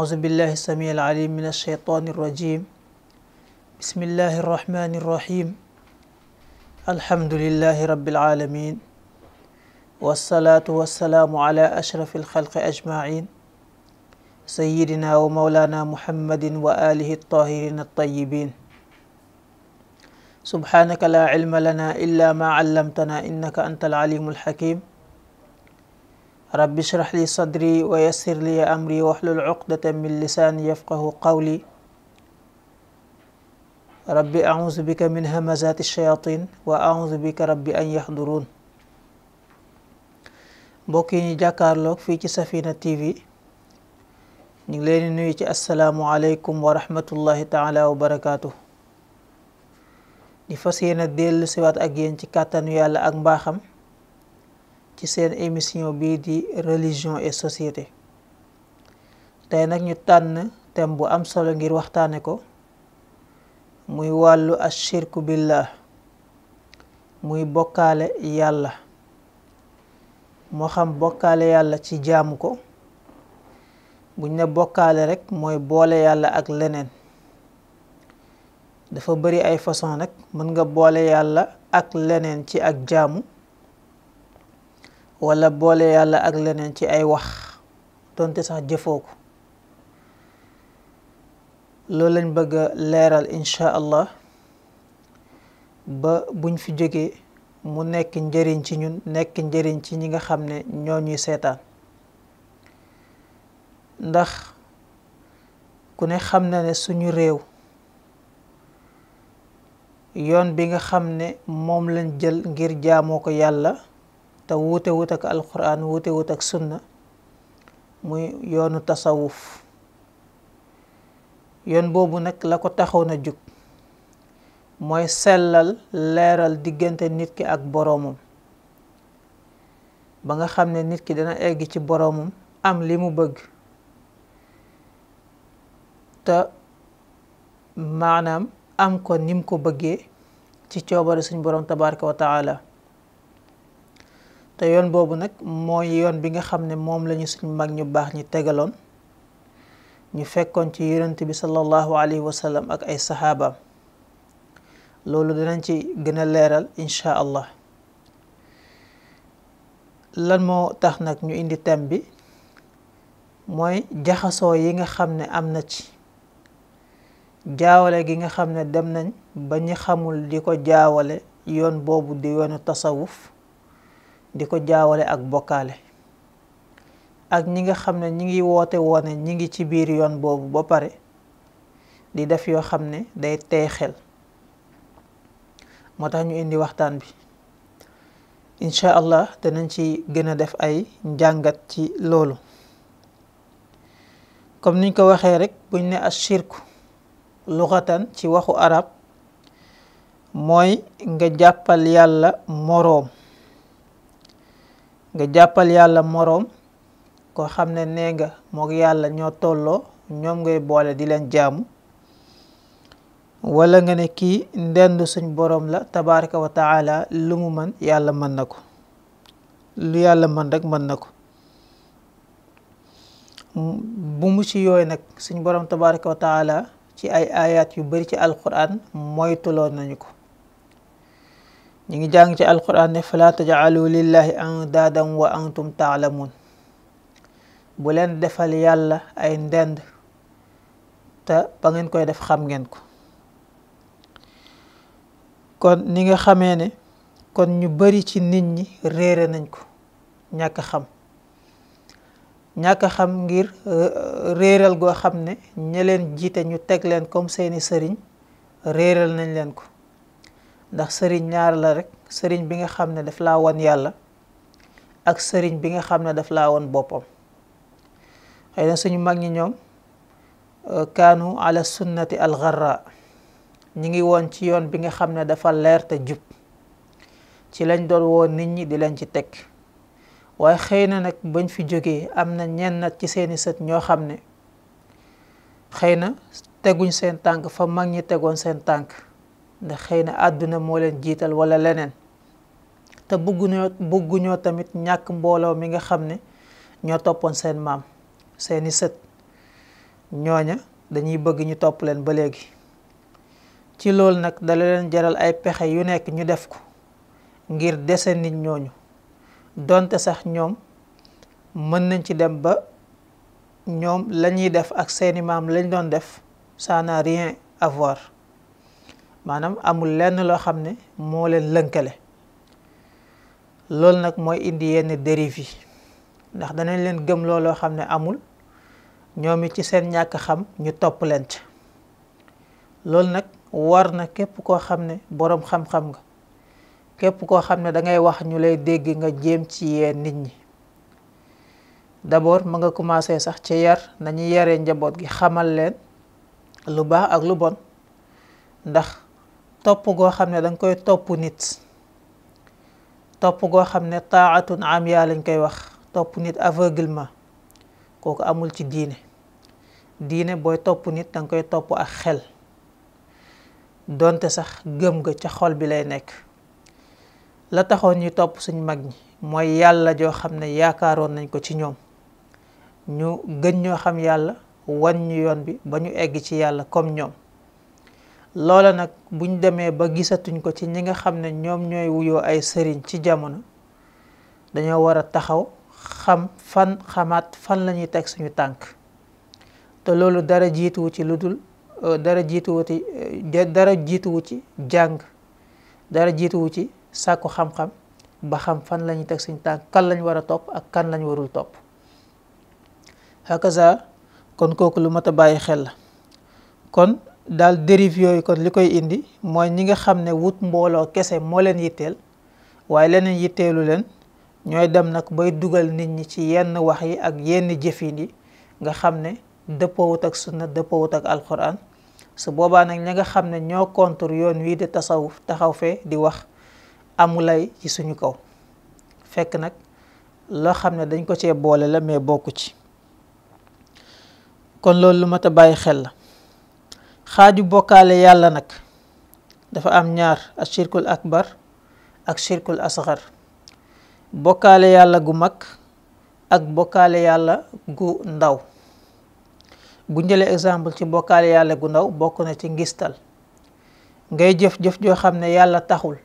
أعوذ بالله السميع العليم من الشيطان الرجيم بسم الله الرحمن الرحيم الحمد لله رب العالمين والصلاة والسلام على أشرف الخلق أجمعين سيدنا ومولانا محمد وآله الطاهرين الطيبين سبحانك لا علم لنا إلا ما علمتنا إنك أنت العليم الحكيم رب اشرح لي صدري ويسر لي أمري واحلل عقدة من لساني يفقه قولي رب أعوذ بك من همزات الشياطين وأعوذ بك رب أن يحضرون بوكيني جاكار في سفينة تي في نجليني السلام عليكم ورحمة الله تعالى وبركاته di fasiyene del ci wat ak yeen ci katanu yalla ak mbaxam ci seen émission bii di religion et société tey nag ñu tànn thème bu am solo ngir waxtaane ko muy wàllu ashirku billah muy bokkaale yàlla moo xam bokkale yàlla ci jaamu ko buñ ne bokkale rekk mooy boole yàlla ak leneen dafa bari ay façon nag mën nga boole yàlla ak leneen ci ak jaamu wala boole yàlla ak leneen ci ay wax donte sax jëfoo ko loo lañ bëgg a leeral incha allah ba buñ fi jógee mu nekk njëriñ ci ñun nekk njëriñ ci ñi nga xam ne ñoo ñuy seetaan ndax ku ne xam na ne suñu réew yoon bi nga xam ne moom lañ jël ngir jaamoo ko yàlla te wuute wut ak alquran wuute wut ak sunna muy yoonu tasawuf yoon boobu nag la ko taxoon a jug mooy sellal leeral diggante nit ki ak boroomam ba nga xam ne nit ki dana egg ci boroomum am li mu bëgg te maanaam am ko nim ko bëggee ci coobaru suñ boroom tabaraka wa te yoon boobu nag mooy yoon bi nga xam ne moom lañu ñu mag ñu baax ñi tegaloon ñu fekkoon ci yonent bi sallallahu alayhi wa sallam ak ay saxaabaam loolu danañ ci gën a leeral incha allah lan moo tax nag ñu indi thème bi mooy jaxasoo yi nga xam ne am na ci jaawale gi nga xam ne dem nañ ba ñu xamul di ko jaawale yoon boobu di yoonu tasawuf di ko jaawale ak bokkaale ak ñi nga xam ne ñi ngi woote woone ñi ngi ci biir yoon boobu ba pare di def yoo xam ne day tey xel moo tax ñu indi waxtaan bi incha allah danañ ci gën a def ay njàngat ci loolu comme niñ ko waxee rek buñ ne ashirku luxatan ci waxu arab mooy nga jàppal yàlla moroom nga jàppal yàlla moroom koo xam ne nee nga mook yàlla ñoo tolloo ñoom ngay boole di leen jaamu wala nga ne kii ndend suñ boroom la tabaraka wa lu mu mën yàlla mën na ko lu yàlla mën rek mën na ko bu mu ci yooyu nag suñ boroom tabaraka wa taala ci ay ayat yu bari ci alquran moytuloo nañu ko ñu ngi jàng ci alquran ne fala tajaalu lillahi andaadan wa antum taalamuun bu leen defal yàlla ay ndend te ba ngeen koy def xam ngeen ko kon ni nga xamee ne kon ñu bari ci nit ñi réere nañ ko ñàkk xam ñàkk xam ngir euh, euh, réeral goo xam ne ña leen jiite ñu teg leen comme seeni sëriñ réeral nañ leen ko ndax sëriñ ñaar la rek sëriñ bi nga xam ne daf laa wan yàlla ak sëriñ bi nga xam ne daf laa woon boppam xëy na suñu mag ñi ñoom euh, kaanu ala sunnati algarra ñi ngi woon ci yoon bi nga xam ne dafa leer te jub ci lañ doon woon nit ñi di leen ci teg waaye xëy na nag bañ fi jógee am na ñenn nag ci seeni sët ñoo xam ne xëy na teguñ seen tànk fa mag ñi tegoon seen tànk ndax xëy na àdduna moo leen jiital wala leneen te bëgguñoo bëgguñoo tamit ñàkk mbooloo mi nga xam ne ñoo toppoon seen maam seeni sët ñooña dañuy bëgg ñu topp leen ba léegi ci loolu nag dala leen jaral ay pexe yu nekk ñu def ko ngir dese nit ñooñu donte sax ñoom mën nañ ci dem ba ñoom lañuy def ak seeni maam lañ doon def ça n'a rien à maanaam amul lenn loo xam ne moo leen lënkale loolu nag mooy indi yenn dérive yi ndax danañ leen gëm looloo xam ne amul ñoom it ci seen ñàkk xam ñu topp leen ca loolu nag war na képp koo xam ne boroom xam-xam nga képp koo xam ne dangay wax ñu lay dégg nga jéem ci yee nit ñi d'abord mu nga commencé sax ci yar nañu yare njaboot gi xamal leen lu baax ak lu bon ndax top go xamne dang koy top nit top go xamne taatun am lañ koy wax top nit aveuglement koku amul ci diine diine boy top nit dang koy top ak xel donte sax gem nga ci xol bi lay nek la taxone ñu top suñ mag ñi moy yalla jo xamne yaakaaroon nañ ko ci ñom ñu gën ñoo xam yalla wan ñu yoon bi bañu egg ci yalla comme ñom loola nag buñ demee ba gisatuñ ko ci ñi nga xam ne ñoom ñooy wuyoo ay sëriñ ci jamono dañoo war a taxaw xam fan xamaat fan lañuy teg suñu tànk te loolu dara jiituwu ci lu dul euh, dara jiituwu ci euh, dara jiituwu ci jàng dara jiituwu ci sàkku xam-xam ba xam fan la teg suñu tànk kan lañ war a topp ak kan lañ warul topp hakaza kon kooku lu mat a bàyyi xel la kon daal dérive yooyu kon li koy indi mooy ñi nga xam ne wut mbooloo kese moo leen yitteel waaye leneen yitteelu leen ñooy dem nag bay dugal nit ñi ci yenn wax yi ak yenn jëfin yi nga xam ne dëppoowut ak sunna dëppoowut ak alquran su boobaa nag ñi nga xam ne ñoo contre yoon wii di tasawuf taxaw fee di wax amulay ci suñu kaw fekk nag loo xam ne dañ ko cee boole la mais bokk ci kon loolu lu mat a bàyyi xel la xaaju bokkaale yàlla nag dafa am ñaar ak shirkul akbar ak shirkul asxar bokkaale yàlla gu mag ak bokkaale yàlla gu ndaw bu njëlee exemple ci bokkaale yàlla gu ndaw bokk na ci ngistal ngay jëf-jëf joo xam ne yàlla taxul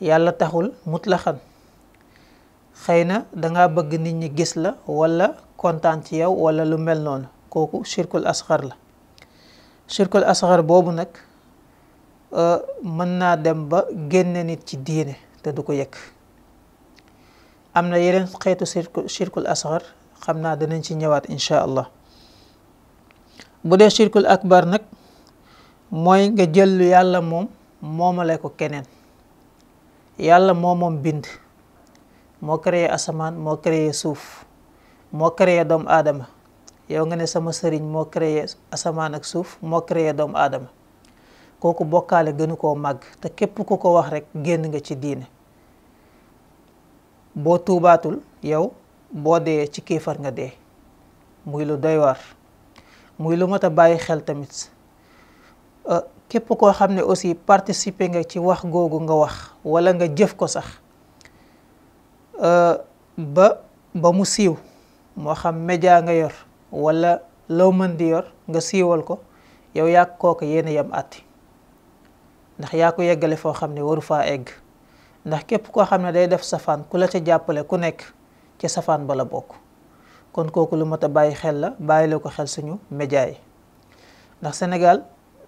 yàlla taxul mutlaxan xëy na danga bëgg nit ñi gis la walla kontaan ci yow wala lu mel noonu kooku shirkul asxar la shirkul asxar boobu nag euh, mën naa dem ba génne nit ci diine te du ko yëg am na yeneen xeetu shirkul asxar xam naa danañ ci ñëwaat incha allah bu dee shirkul akbar nag mooy nga jël yàlla moom moomale ko keneen yàlla moo moom bind moo créé asamaan moo créé suuf moo créé doomu aadama yow nga ne sama sëriñ moo créé asamaan ak suuf moo créé doomu aadama kooku bokkaale gënu koo màgg te képp ku ko wax rek génn nga ci diine boo tuubaatul yow boo dee ci kéefar nga dee muy lu doy war muy lu mat a bàyyi xel tamit euh, képp koo xam ne aussi participer nga ci wax googu nga wax walla nga jëf ko sax euh, ba ba mu siiw moo xam média nga yor wala loo mën di yor nga siiwal ko yow yàq kooku yéen a yem àtti ndax yaa ko yeggale foo xam ne waru faa egg ndax képp koo xam ne day def safaan ku la ca jàppale ku nekk ci safaan bala bokk kon kooku lu mat a bàyyi xel la bàyyi la ko xel suñu média yi ndax Sénégal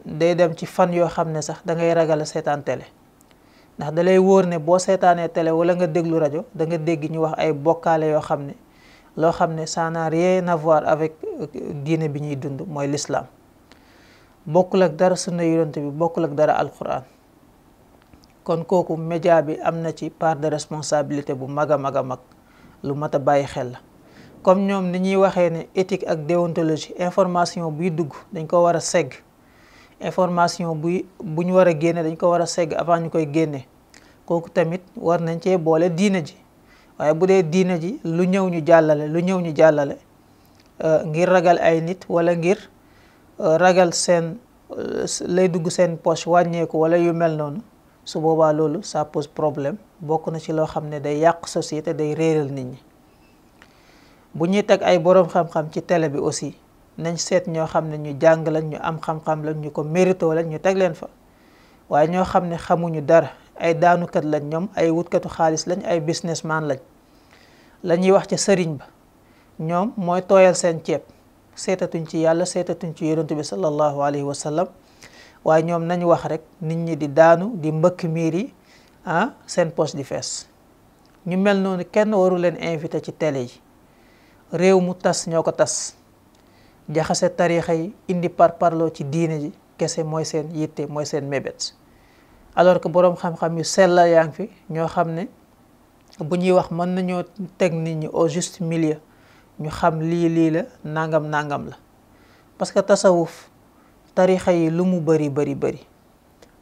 day dem ci fan yoo xam ne sax dangay ngay ragal a seetaan télé ndax dalay wóor ne boo seetaanee tele wala nga déglu rajo da nga dégg ñu wax ay bokkaale yoo xam ne loo xam ne ça n'a voir avec euh, diine bi ñuy dund mooy lislaam bokkul ak dara sunna yonent bi bokkul ak dara alquran kon kooku média bi am na ci part de responsabilité bu mag a mag a mag lu mat a bàyyi xel la comme ñoom ni ñuy waxee ne éthique ak déontologie information buy dugg dañ ko war a segg information buy bu ñu war a génne dañ ko war a segg avant ñu koy génne kooku tamit war nañ cee boole diine ji waaye bu dee diine ji lu ñëw ñu jàllale lu ñëw ñu jàllale euh, ngir ragal ay nit wala ngir euh, ragal seen euh, lay dugg seen poche wàññeeku wala yu mel noonu su boobaa loolu ça pose problème bokk na ci loo xam ne day yàq société day réeral nit ñi bu ñuy teg ay boroom xam-xam ci tele bi aussi nañ seet ñoo xam ne ñu jàng lañ ñu am xam-xam lañ ñu ko mérito lañ ñu teg leen fa waaye ñoo xam ne xamuñu dara ay daanukat lañ ñoom ay wutkatu xaalis lañ ay businessman lañ lañuy wax ci sëriñ ba ñom moy toyal sen ceeb seetatuñ ci yalla seetatuñ ci yaronte bi sallallahu alayhi wa sallam waaye nañ wax rek nit ñi di daanu di mbëk miiri ha ah, sen seen poche di fess ñu mel non kenn waru len invité ci télé yi réew mu tass ñoko tass tariixa yi indi par parlo ci diine ji kese moy sen yitte moy sen mebet alors que borom xam-xam yu sel yaa fi ño xam bu ñuy wax mën nañoo teg nit ñi au juste milieu ñu xam lii lii la nangam nangam la parce que tasawuf tarixa yi lu mu bëri bari bari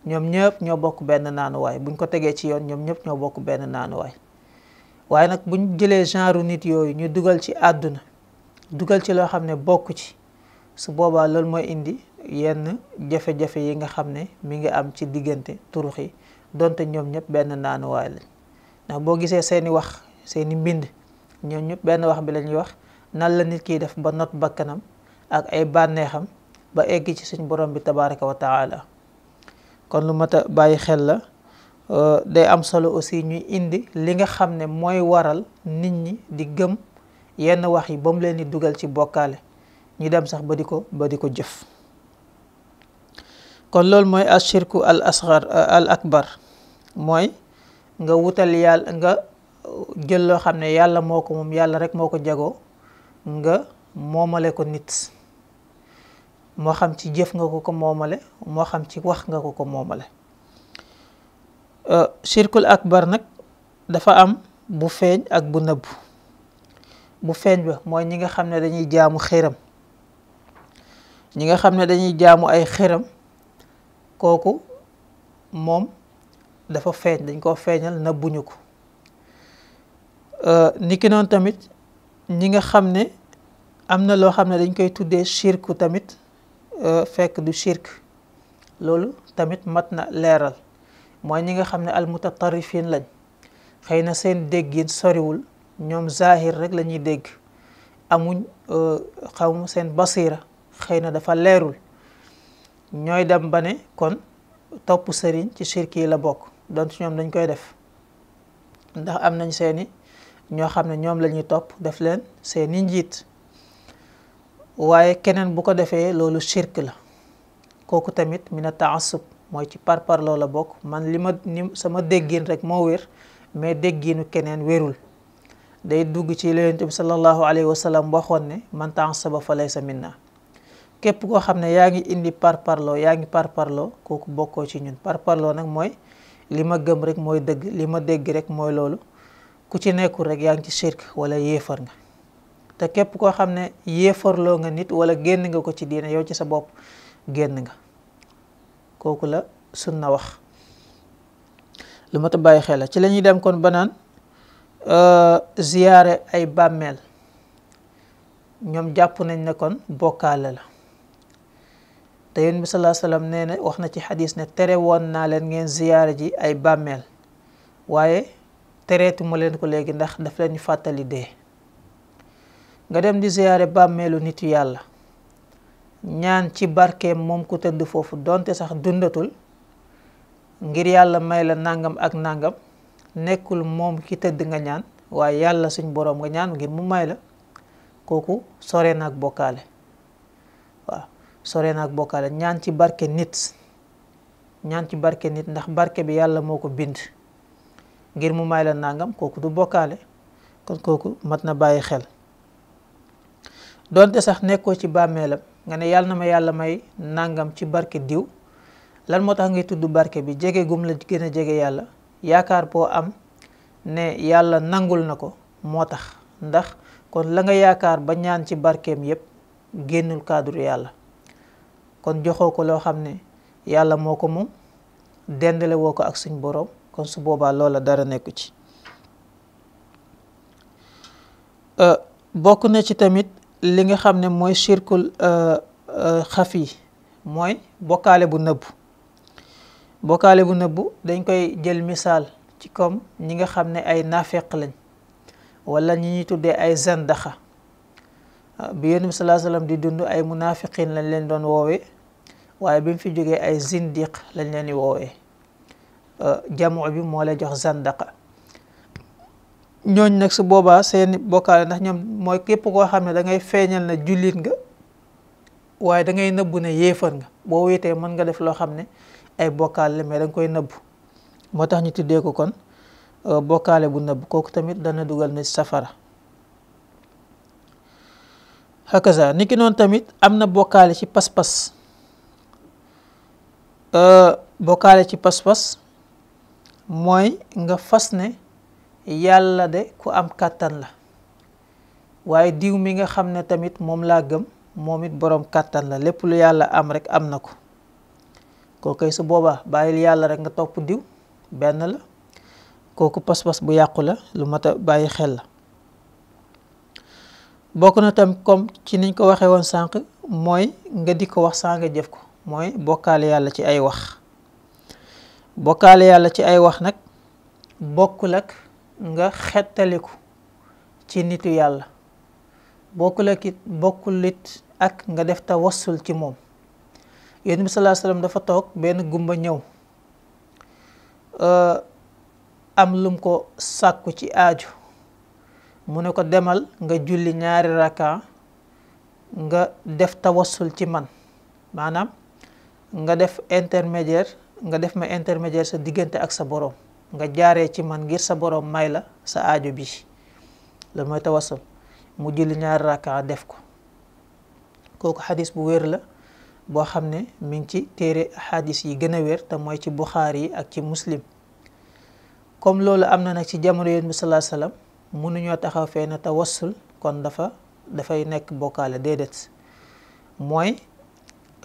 ñoom ñëpp ñoo bokk benn naanuwaay buñ ko tegee ci yoon ñoom ñëpp ñoo bokk benn naanuwaay waaye nag buñ jëlee genre nit yooyu ñu dugal ci àdduna dugal ci loo xam ne bokk ci su boobaa loolu mooy indi yenn jafe-jafe yi nga xam ne mi ngi am ci diggante turux yi donte ñoom ñëpp benn naanuwaay lañ ndax boo gisee seeni wax seeni mbind ñoom benn wax bi lañuy wax nan la nit kiy def ba not bakkanam ak ay bànneexam ba egg ci suñ borom bi tabaraka wa taala kon lu mat a bàyyi xel la euh, day am solo aussi ñuy indi li nga xam ne mooy waral nit ñi di gëm yenn wax yi ba mu leen di dugal ci bokkaale ñu dem sax ba di ko ba di ko jëf kon loolu mooy ashirku al asgar mooy nga wutal yàlla nga jël loo xam ne yàlla moo ko moom yàlla rek moo ko jagoo nga moomale ko nit moo xam ci jëf nga ko ko moomale moo xam ci wax nga ko ko moomale ak euh, akbar nag dafa am bu feeñ ak bu nëbb bu feeñ ba mooy ñi nga xam ne dañuy jaamu xéram ñi nga xam ne dañuy jaamu ay xéram kooku moom dafa feeñ dañ koo feeñal buñu ko euh, niki noonu tamit ñi nga xam ne am na loo xam ne dañ koy tuddee shirku tamit euh, fekk du shirk loolu tamit mat na leeral mooy ñi nga xam ne almutatarifin lañ xëy na seen déggin soriwul ñoom zahir rek lañuy dégg amuñ euh, xawmu seen basira xëy na dafa leerul ñooy dem ba ne kon topp sëriñ ci shirk yi la bokk donc ñoom dañ koy def ndax am nañ seeni ñoo xam ne ñoom lañuy topp def leen seeni njiit waaye keneen bu ko defee loolu shirk la kooku tamit mina taassub mooy ci par parloo la bokk man li ma ni sama déggin rek moo wér mais dégginu keneen wérul day dugg ci li Yonent bi sallallahu alayhi wa sallam waxoon ne man taassaba fa laysa minna képp koo xam ne yaa ngi indi par parloo yaa ngi par parloo kooku bokkoo ci ñun par parloo nag mooy li ma gëm rek mooy dëgg li ma dégg rek mooy loolu ku ci nekkul rek yaa ngi ci shirk wala yéefar nga te képp koo xam ne yéefarloo nga nit wala génn nga ko ci diine yow ci sa bopp génn nga kooku la na wax lu mat a bàyyi xel ci lañuy dem kon banaan euh, ziyaare ay bàmmeel ñoom jàpp nañ ne kon bokkaale la te yonent bi sallallahu alayhi nee na wax na ci xadis ne tere woon naa leen ngeen ziyaara ji ay bàmmeel waaye tereetu ma leen ko léegi ndax daf leen ñu fàttali dee nga dem di ziyaare bàmmeelu nitu yàlla ñaan ci barkeem moom ku tëdd foofu donte sax dundatul ngir yàlla may la nangam ak nangam nekkul moom ki tëdd nga ñaan waaye yàlla suñ boroom nga ñaan ngir mu may la kooku sore na ak bokkaale sore naag bokkaale ñaan ci barke nit ñaan ci barke nit ndax barke bi yàlla moo ko bind ngir mu may la nangam kooku du bokkaale kon kooku mat na bàyyi xel doonte sax nekkoo ci bàmmeelam nga ne yàlla na ma yàlla may nangam ci barke diw lan moo tax ngay tudd barke bi jege gum la gën a jege yàlla yaakaar boo am ne yàlla nangul na ko moo tax ndax kon la nga yaakaar ba ñaan ci barkeem yépp génnul cadre yàlla kon joxoo ko loo xam ne yàlla moo ko moom dendale ko ak suñ boroom kon su boobaa loola dara nekku ci euh, bokk na ci tamit li nga xam ne mooy euh, euh, xaf yi mooy bokkaale bu nëbb bokkaale bu nëbb dañ koy jël misaal ci comme ñi nga xam ne ay naafeq lañ wala ñi ñuy tuddee ay zandaxa Ah, bi yonent bi sallallahu di dund ay munafiqin lañ leen doon woowee waaye bi mu fi jógee ay zindiq lañ leen di woowee ah, jamu bi moo lay jox zandaqa ñooñ nag su boobaa seen bokkaale ndax ñoom mooy képp koo xam ne da ngay feeñal na jullit nga waaye dangay ngay nëbbu ne yéefar nga boo wéetee mën nga def loo xam ne ay bokkaale la mais da koy nëbbu moo tax ñu tuddee ko kon ah, bokkaale bu nëbbu kooku tamit dana dugal nit safara hakaza niki noonu tamit am na bokkaale ci pas-pas euh, ci pas mooy nga fas ne yàlla de ku am kàttan la waaye diw mi nga xam ne tamit moom laa gëm moom it boroom kàttan la lépp lu yàlla am rek am na ko kookoy su boobaa bàyyil yàlla rek nga topp diw benn la kooku pas-pas bu yàqu la lu mat bàyyi xel la bokk na tam comme ci niñ ko waxee woon sànq mooy nga di ko wax saa nga jëf ko mooy bokkaale yàlla ci ay wax bokkaale yàlla ci ay wax nag bokkul ak nga xettaliku ci nitu yàlla bokkul ak it bokkul it ak nga def tawassul ci moom yonent bi sallallahu dafa toog benn gumba ñëw euh, am lum ko sàkku ci aaju mu ne ko demal nga julli ñaari raka nga def tawassul ci man maanaam nga def intermédiaire nga def ma intermédiaire sa diggante ak sa borom nga jaaree ci man ngir sa borom may la sa ajo bi loolu mooy tawassul mu julli ñaari raka def ko kooku xadis bu wér la boo xam ne mi ngi ci téere xadis yi gën a wér te mooy ci buxaar yi ak ci muslim comme loolu am na nag ci jamono yonent bi sallallahu mënuñoo taxaw fee na tawassul kon dafa dafay nekk bokkaale déedéet mooy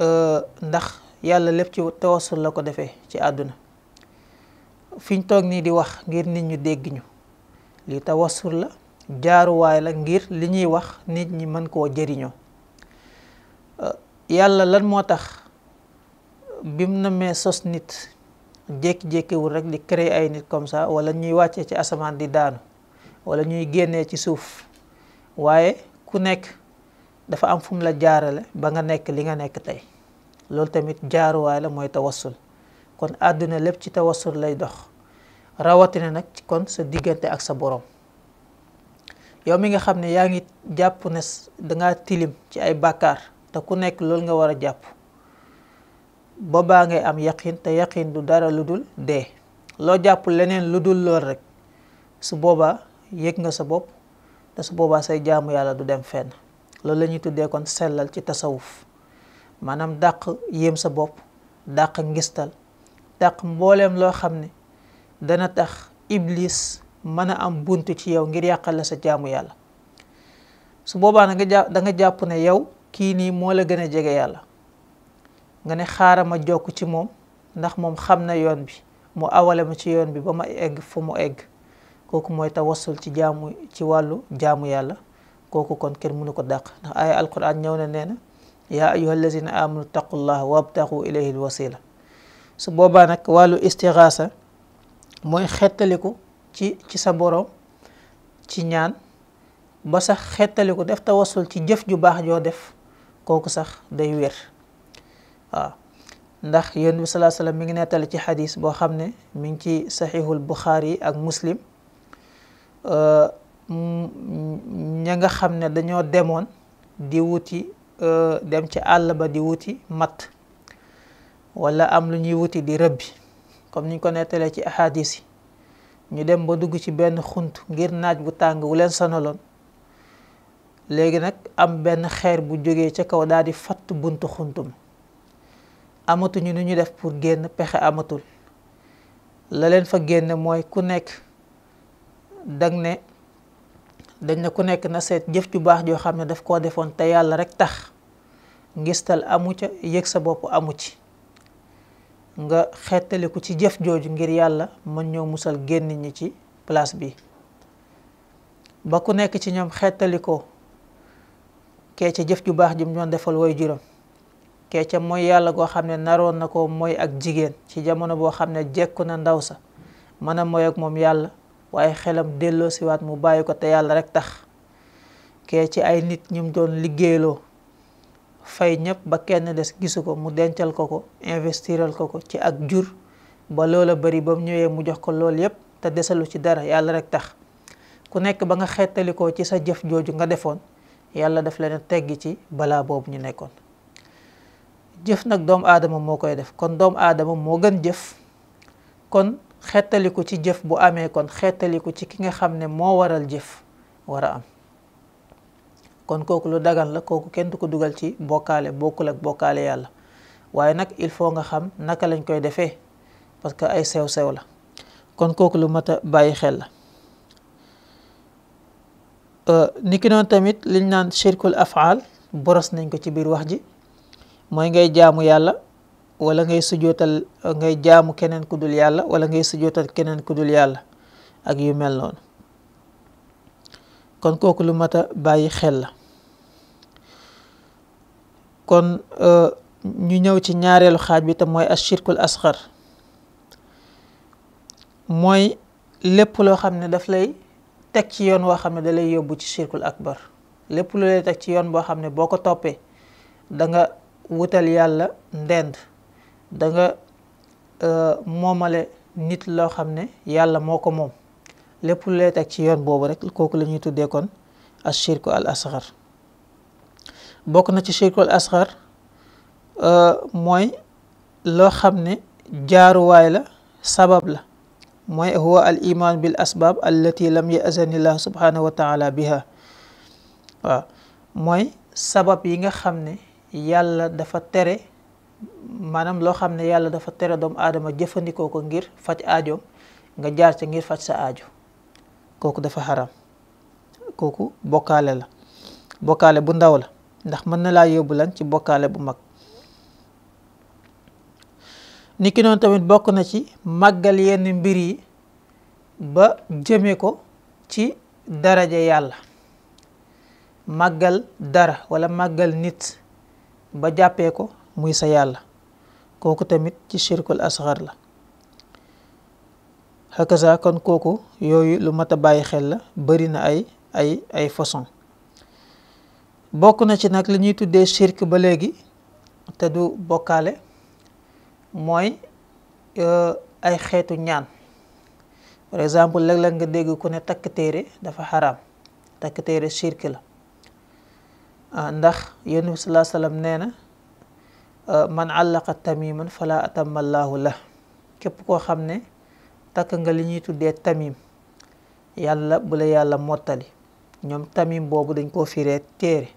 euh, ndax yàlla lépp ci tawassul la ko defee ci àdduna fiñ toog nii di wax ngir nit ñu dégg ñu li wasul la jaaruwaay la ngir li ñuy wax nit ñi mën koo jëriñoo euh, yàlla lan moo tax bi mu mee sos nit jékki-jékkiwul rek di créer ay nit comme ça wala ñuy wàccee ci asamaan di daanu wala ñuy génné ci suuf waaye ku nekk dafa am fu la jaarale ba nga nekk li nga nekk tay lool tamit way la moy tawassul kon aduna lepp ci tawassul lay dox na nak ci kon sa digënté ak sa borom yow mi nga xamné ne ngi jàpp ne tilim ci ay bàkkaar ta ku nekk lool nga wara japp ngay am yaqin te yaqin du dara ludul de lo loo leneen ludul lool rek su boba yëg nga sa bopp te su boobaa say jaamu yàlla du dem fenn loolu la ñuy tuddee kon sellal ci tasawuf maanaam dàq yéem sa bopp dàq ngistal dàq mbooleem loo xam ne dana tax iblis mën a am bunt ci yow ngir yàqale sa jaamu yàlla su boobaa na nga jàpp da jàpp ne yow kii nii moo la gën a jege yàlla nga ne xaaral ma jokk ci moom ndax moom xam na yoon bi mu awale ma ci yoon bi ba ma egg fu mu egg koku moy tawassul ci jaamu ci walu jaamu yàlla koku kon ken munu ko dak ndax ay alquran ñëw na nee na yaa amanu taqullaha wabtaghu ilayhi alwasila su boba nak walu istighasa moy xetaliku ci ci sa borom ci ñaan ba sax xetaliku def tawassul ci jëf ju baax jo def koku sax day wér wa ndax yunus sallallahu alayhi wasallam mi ngi netal ci hadith bo xamne mi ngi ci sahihul bukhari ak muslim Euh, ña nga xam ne dañoo demoon di wuti euh, dem ci àll ba di wuti matt wala am lu ñuy wuti di rëbbi comme niñ ko nettalee ci ahadis yi ñu dem ba dugg ci benn xunt ngir naaj bu tàng wu leen sonaloon léegi nag am benn xeer bu jógee ca kaw daal di fatt buntu xuntum amatuñu nu ñu def pour génn pexe amatul la leen fa génn mooy ku nekk dang ne dañ ne ku nekk na seet jëf ju baax joo xam ne daf koo defoon te yàlla rek tax ngistal amu ca yëg sa bopp amu ci nga xettaliku ci jëf jooju ngir yàlla mën ñoo musal génn ñi ci place bi ba ku nekk ci ñoom xettalikoo kee ca jëf ju baax jum doon defal way juróom kee mooy yàlla goo xam ne naroon na ko mooy ak jigéen ci jamono boo xam ne jekku na ndaw sa mën a mooy ak moom yàlla waaye xelam delloo siwaat mu bàyyi ko te yàlla rek tax kee ci ay nit ñum doon liggéeyloo fay ñëpp ba kenn des gisu ko mu dencal ko ko investiral ko ko ci ak jur ba loola bari ba mu ñëwee mu jox ko lool yépp te desalu ci dara yàlla rek tax ku nekk ba nga ko ci sa jëf jooju nga defoon yàlla daf leen teggi ci balaa boobu ñu nekkoon jëf nag doomu aadama moo koy def kon doomu aadama moo gën jëf kon xettaliku ci jëf bu amee kon xettaliku ci ki nga xam ne moo waral jëf war a am kon kooku lu dagan la kooku kenn du ko dugal ci bokkaale bokkul ak bokkaale yàlla waaye nag il faut nga xam naka lañ koy defee parce que ay sew-sew la kon kooku lu mat bàyyi xel la euh, ni ki noonu tamit liñ naan shirkul afaal boros nañ ko ci biir wax ji mooy ngay jaamu yàlla wala ngay sujootal uh, ngay jaamu keneen ku dul yàlla wala ngay sujootal keneen ku dul yàlla ak yu mel noonu kon kooku lu mat a bàyyi xel la kon uh, ñu ñëw ci ñaareelu xaaj bi te mooy ashirkul asxar mooy lépp loo xam ne daf lay teg ci yoon woo xam ne da lay yóbbu ci shirkul akbar lépp lu lay teg ci yoon boo xam ne boo ko toppee danga wutal yàlla ndend da nga momale nit lo xamne yàlla moko mom lépp lu lay tek ci yoon bobu rek koku lañuy tuddé kon ash-shirku al asghar bok na ci shirku al asghar euh moy lo xamne jaaru way la sabab la moy huwa al iman bil asbab allati lam ya'zan Allah subhanahu wa taala biha wa moy sabab yi nga xamne yàlla dafa tere maanaam loo xam ne yàlla dafa tere doom aadama jëfandikoo ko ngir faj aajoom nga jaar ci ngir faj sa aajo kooku dafa xaram kooku bokkaale la bokkaale bu ndaw la ndax mën na laa yóbbu lan ci bokkaale bu mag niki noonu tamit bokk na ci màggal yenn mbir yi ba jëme ko ci daraja yàlla màggal dara wala màggal nit ba jàppee ko muy sa yàlla kooku tamit ci shirkul asxar la hakaza kon kooku yooyu lu mat a bàyyi xel la bëri na ay ay ay façon bokk na ci nag li ñuy tuddee shirk ba léegi te du bokkaale mooy euh, ay xeetu ñaan par exemple léeg-léeg nga dégg ku ne takk téere dafa xaraam takk téere shirk la ah, ndax yonent bi sallallahu alayhi wa nee na Euh, man àllaqa tamiman fala atamma llaahu la képp koo xam ne takk nga li ñuy tuddee tamim yàlla bu yàlla mottali ñoom tamim boobu dañ koo firee téere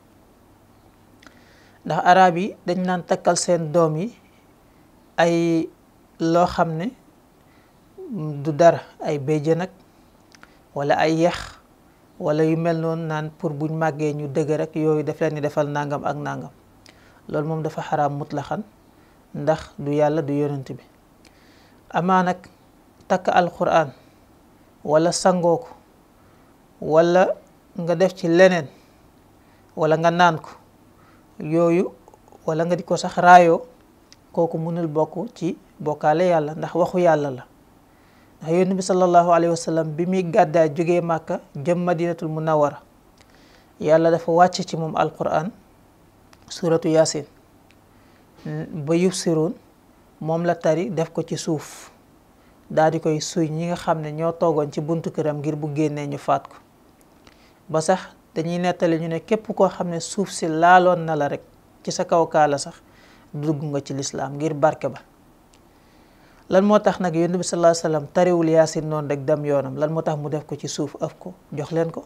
ndax araab yi dañ naan takkal seen doom yi ay loo xam ne du dara ay béjjën nag wala ay yax walla yu mel noonu naan pour buñ màggee ñu dëgër ak yooyu daf leen ni defal nangam ak nangam loolu moom dafa xaraam mutlaxan ndax du yàlla du yonent bi amaa takk alxuraan wala sangoo ko wala nga def ci leneen wala nga naan ko yooyu wala nga di ko sax raayoo kooku mënul bokk ci bokkaale yàlla ndax waxu yàlla la ndax yonent bi sallallahu alayhi wa sallam bi muy gàddaay jógee màkka jëm madinatul munawara yàlla dafa wàcce ci moom alquran suratu yaasin ba yubsiruun moom la tari def ko ci suuf daal di koy suuy ñi nga xam ne ñoo toogoon ci buntu këram ngir bu génnee ñu faat ko ba sax dañuy nettali ñu ne képp koo xam ne suuf si laaloon na la rek ci sa kaw kaala sax dugg nga ci lislaam ngir barke ba lan moo tax nag yonent bi sallallahu alayhi wasallam tariwul yaasin noonu rek dem yoonam lan moo tax mu def ko ci suuf ak ko jox leen ko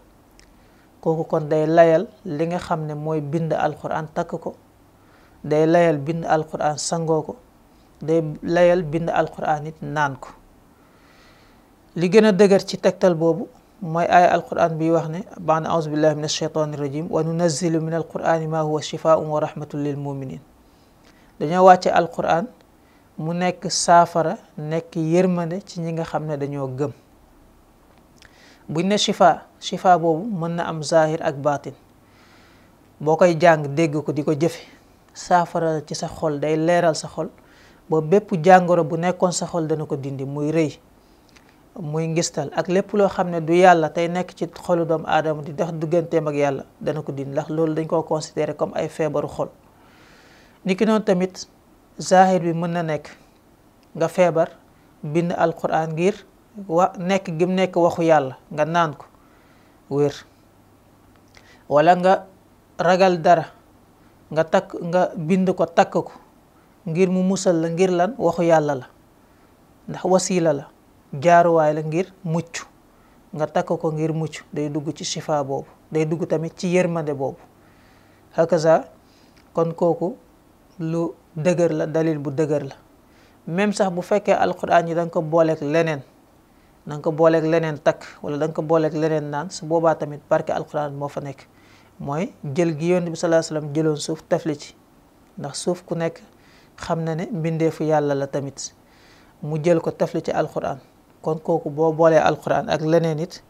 koku kon day layal li nga xamne moy bind alquran takk ko day layal bind alquran sangoo ko day layal bind alquran nit nan ko li gëna a dëgër ci tektal bobu moy ay alquran bi wax ne ban auzu billahi minash alsheytaani rajim wa nunazzilu min alquran ma huwa shifaa'un wa rahmatun lil muminin dañu wàcce alquran mu nekk safara nekk yermane ci ñi nga xamne dañu gëm buñ ne shifa shifa boobu mën na am zahir ak baatin boo koy jàng dégg ko di ko jëfe saafara ci sa xol day leeral sa xol ba bépp jàngoro bu nekkoon sa xol dana ko dindi muy rëy muy ngistal ak lépp loo xam ne du yàlla tey nekk ci xolu doomu aadama di dox digganteem ak yàlla dana ko dindi ndax loolu dañ koo considéré comme ay feebaru xol niki noonu tamit zahir bi mën na nekk nga feebar bind alquran ngir wa nekk gim nekk waxu yàlla nga naan ko wér wala nga ragal dara nga takk nga bind ko takk ko ngir mu musal la ngir lan waxu yàlla la ndax wasiila la jaaruwaay la ngir mucc nga takk ko ngir mucc day dugg ci shifa boobu day dugg tamit ci yërmande boobu hakaza kon kooku lu dëgër la dalil bu dëgër la même sax bu fekkee alquran yi da ko booleeg leneen na ko booleeg leneen takk wala da ko booleeg leneen naan su boobaa tamit barke alquran moo fa nekk mooy jël gi yonent bi sallallahu alayhi wasallam jëloon suuf tafli ci ndax suuf ku nekk xam na ne mbindeefu yàlla la tamit mu jël ko tafli ci alxuraan kon kooku boo boolee alxuraan ak leneen it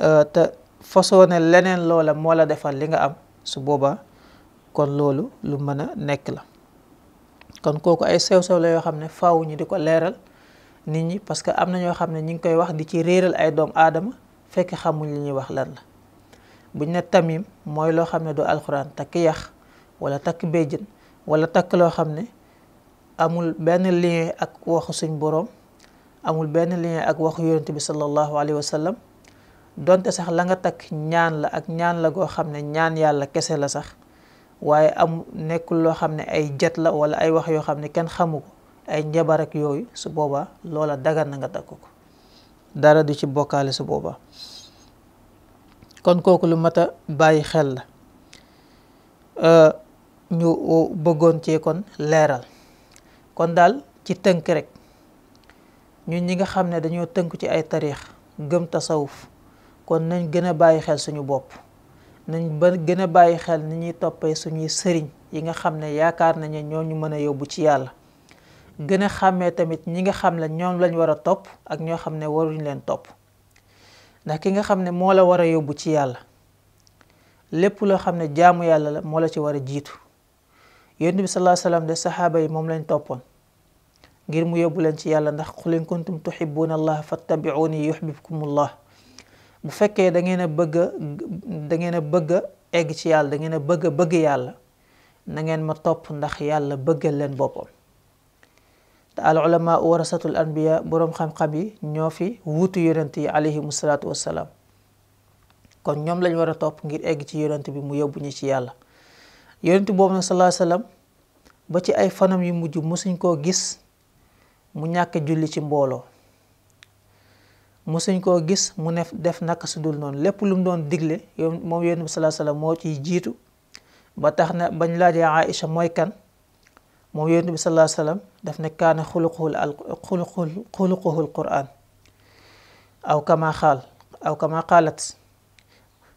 euh, te façonné leneen loola moo la defal li nga am su boobaa kon loolu lu mën a nekk la kon kooku ay sew-sew la yoo xam ne faaw ñu di ko leeral nit ñi parce que am na ñoo xam ne ñu ngi koy wax di ci réeral ay doom aadama fekk xamuñ li ñuy wax lan la buñ ne tamim mooy loo xam ne du alxuraan takk yax wala takk béjjën wala takk loo xam ne amul benn lien ak waxu suñ boroom amul benn lien ak waxu yonent bi sallallahu alayhi wa sallam donte sax la nga takk ñaan la ak ñaan la goo xam ne ñaan yàlla kese la sax waaye am nekkul loo xam ne ay jet la wala ay wax yoo xam ne kenn xamu ko ay njabar yooyu su boobaa loola dagan na nga takk ko dara du ci bokkaale su boobaa kon kooku lu mat a bàyyi xel la euh, ñu bëggoon cee kon leeral kon daal ci tënk rek ñun ñi nga xam ne dañoo tënk ci ay tariix gëm tasawuf kon nañ gën a bàyyi xel suñu bopp nañ ba gën a bàyyi xel ni ñuy toppee suñuy sëriñ yi nga xam ne yaakaar nañu ñoo ñu mën a yóbbu ci yàlla gëna xamé tamit ñi nga xam la ñoom lañ wara top ak ño xamné waruñ leen top ndax ki nga xamné mo la wara yóbbu ci yàlla lépp lo xamné jaamu yàlla la mo la ci wara jitu jiitu bi sallallahu alayhi wasallam de sahaba yi mom lañ toppoon ngir mu yóbbu leen ci yàlla ndax qul in kuntum tuhibbuna allaha fattabi'uni yuhibbukum allah bu fekkee da ngeen a bëgg da ngeen a bëgg egg ci yàlla da ngeen a bëgg bëgg yàlla na ngeen ma topp ndax yàlla bëggal leen boppam te al ulama warasatul anbiya boroom xam-xam yi ñoo fi wuutu yonent yi alayhimu salaatu wassalaam kon ñoom lañ war a topp ngir egg ci yonent bi mu yóbbu ñu ci yàlla yonent boobu nag sallallahu alayhi ba ci ay fanam yu mujj mosuñ koo gis mu ñàkk julli ci mbooloo mosuñ koo gis mu ne def naka su dul noonu lépp lum doon digle moom yonent bi sallallahu alayhi moo ciy jiitu ba tax na bañ laajee Aïcha mooy kan مو النبي صلى الله عليه وسلم دفن كان خلقه خلقه القرآن أو كما قال أو كما قالت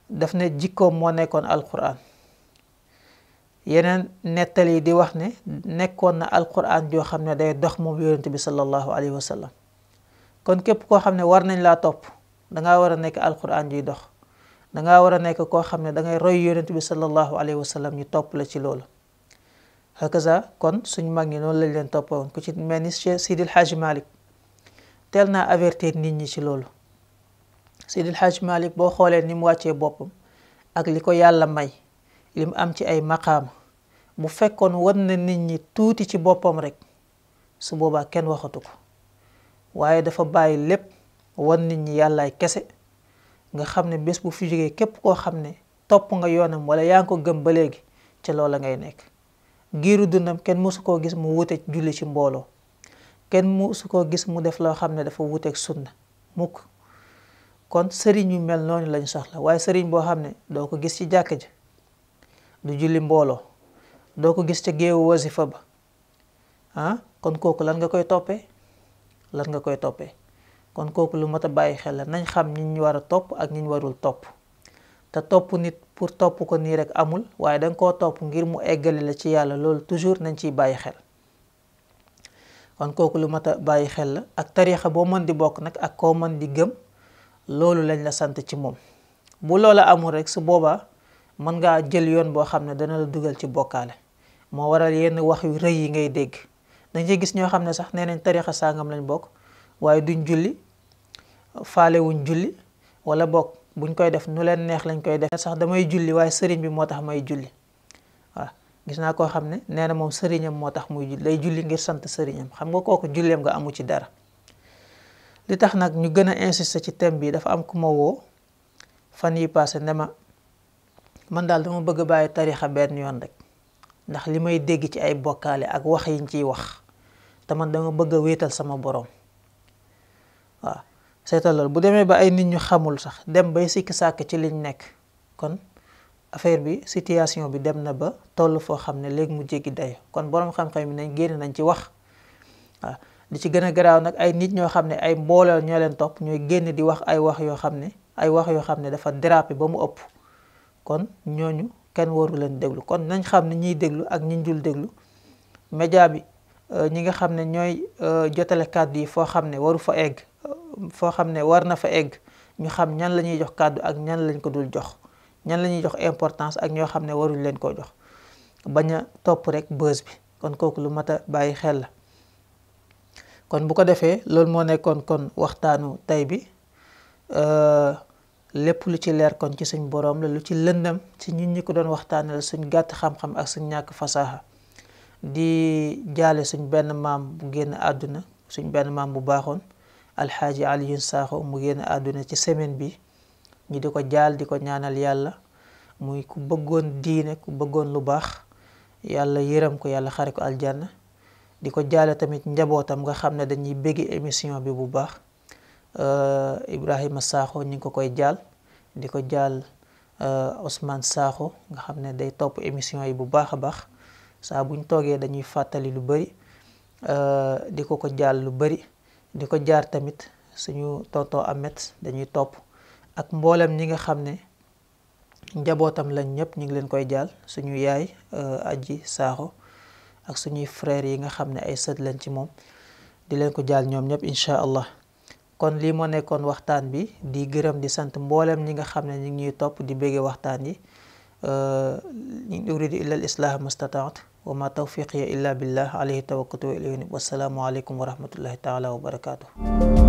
دفن جيكو مو نيكون القرآن ينن نتلي دي وحني نيكون القرآن جو خمنا دي دخ مو النبي صلى الله عليه وسلم كون كيب كو خمنا ورنين لا توب دنگا ورن نيك القرآن جي دخ دنگا ورن نيك كو خمنا دنگا روي النبي صلى الله عليه وسلم يتوب لچي لولو hakaza kon suñ mag ñi noonu lañ leen toppoon ku ci mel ni Sidil Hadj malik teel naa avertir nit ñi ci loolu Sidil Hadj Malick boo xoolee ni mu wàccee boppam ak li ko yàlla may li mu am ci ay maqaama bu fekkoon wan na nit ñi tuuti ci boppam rek su boobaa kenn waxatu ko waaye dafa bàyyi lépp wan nit ñi yàllaay kese nga xam ne bés bu fi jógee képp koo xam ne topp nga yoonam wala yaa ngi ko gëm ba léegi ca loola ngay nekk giiru dundam kenn mësu koo gis mu wuteeg julli ci mbooloo kenn mësu koo gis mu def loo xam ne dafa wuteeg sunna mukk kon sëriñ yu mel noonu lañ soxla waaye sëriñ boo xam ne doo ko gis ci jàkk ja du julli mbooloo doo ko gis ca géewu wasifa ba ah kon kooku lan nga koy toppee lan nga koy toppee kon kooku lu mat a bàyyi xel la nañ xam ñi ñu war a topp ak ñi ñu warul topp te topp nit pour topp ko nii rek amul waaye danga koo topp ngir mu eggale la ci yàlla loolu toujours nañ ciy bàyyi xel kon kooku lu mat a bàyyi xel la ak tariixa boo mën di bokk nag ak koo mën di gëm loolu lañ la sant ci moom bu loola amul rek su boobaa mën ngaa jël yoon boo xam ne dana la dugal ci bokkaale moo waral yenn wax yu rëy yi ngay dégg dañ cee gis ñoo xam ne sax nee nañ tariixa sàngam lañ bokk waaye duñ julli faalewuñ julli wala bokk buñ koy def nu leen neex lañ koy def sax damay julli waaye sëriñ bi moo tax may julli waaw gis naa koo xam ne nee na moom sëriñam moo tax muy julli day ngir sant sëriñam xam nga ko julleem nga amu ci dara li tax nag ñu gën a insister ci thème bii dafa am ku ma woo fan yi passé ne ma man daal dama bëgg a bàyyi tarixa benn yoon rek ndax li may dégg ci ay bokkaale ak wax yiñ ciy wax te man dama bëgg a wéetal sama borom waaw seetalal bu demee ba ay nit ñu xamul sax dem bay sikki sàkk ci liñ nekk kon affaire bi situation bi dem na ba toll foo xam ne léegi mu jéggi dayo kon borom xam-xam bi nañ génn nañ ci wax waaw di ci gën a garaaw nag ay nit ñoo xam ne ay mbooloo ñoo leen topp ñooy génn di wax ay wax yoo xam ne ay wax yoo xam ne dafa dérapé ba mu ëpp kon ñooñu kenn waru leen déglu kon nañ xam ne ñiy déglu ak ñi njul déglu média bi Euh, ñi nga xamne ñoy euh, jotale kàddu yi fo xamne waru fa egg euh, fo xamne warna fa egg ñu xam ñan lañuy jox kàddu ak ñan lañ ko dul jox ñan lañuy jox importance ak ño xamne waru leen ko jox baña top rek buzz bi kon koku lu mata bayyi xel kon bu ko defé lool mo nekkon kon waxtaanu tay bi lepp lu ci leer kon ci suñ borom la lu ci lendam ci ñun ñi ko doon waxtaane la suñ xam-xam ak suñ ñak fasaha di jaale suñ benn maam bu génn àdduna suñ benn maam bu baaxoon alxaaji Alioune Sakho mu génn àdduna ci semaine bi ñu di ko jaal di ko ñaanal yàlla muy ku bëggoon diine ku bëggoon lu baax yàlla yërëm ko yàlla xare ko aljanna di ko jaale tamit njabootam nga xam ne dañuy bégg émission bi bu baax euh, Ibrahima Sakho ñu ngi ko koy jaal di ko jaal euh, Ousmane Sakho nga xam ne day topp émission yi bu baax a baax sa buñ togué dañuy fatali lu bari eh, di diko ko jaal lu bari di jaar tamit suñu tonto amet dañuy top, ak mbolam ñi nga xamné njabotam lañ ñep ñi ngi leen koy jaal suñu yaay eh, aji saxo ak suñu frère yi nga xamné ay seut lañ ci mom di leen ko jaal ñom ñep insha allah kon li mo nekkon waxtaan bi di gërëm di sant mbolam ñi nga xamné ñi ngi ñuy di bëggé waxtaan yi آه، إن أريد إلا الإصلاح ما استطعت وما توفيقي إلا بالله عليه توكلت وإليه والسلام عليكم ورحمة الله تعالى وبركاته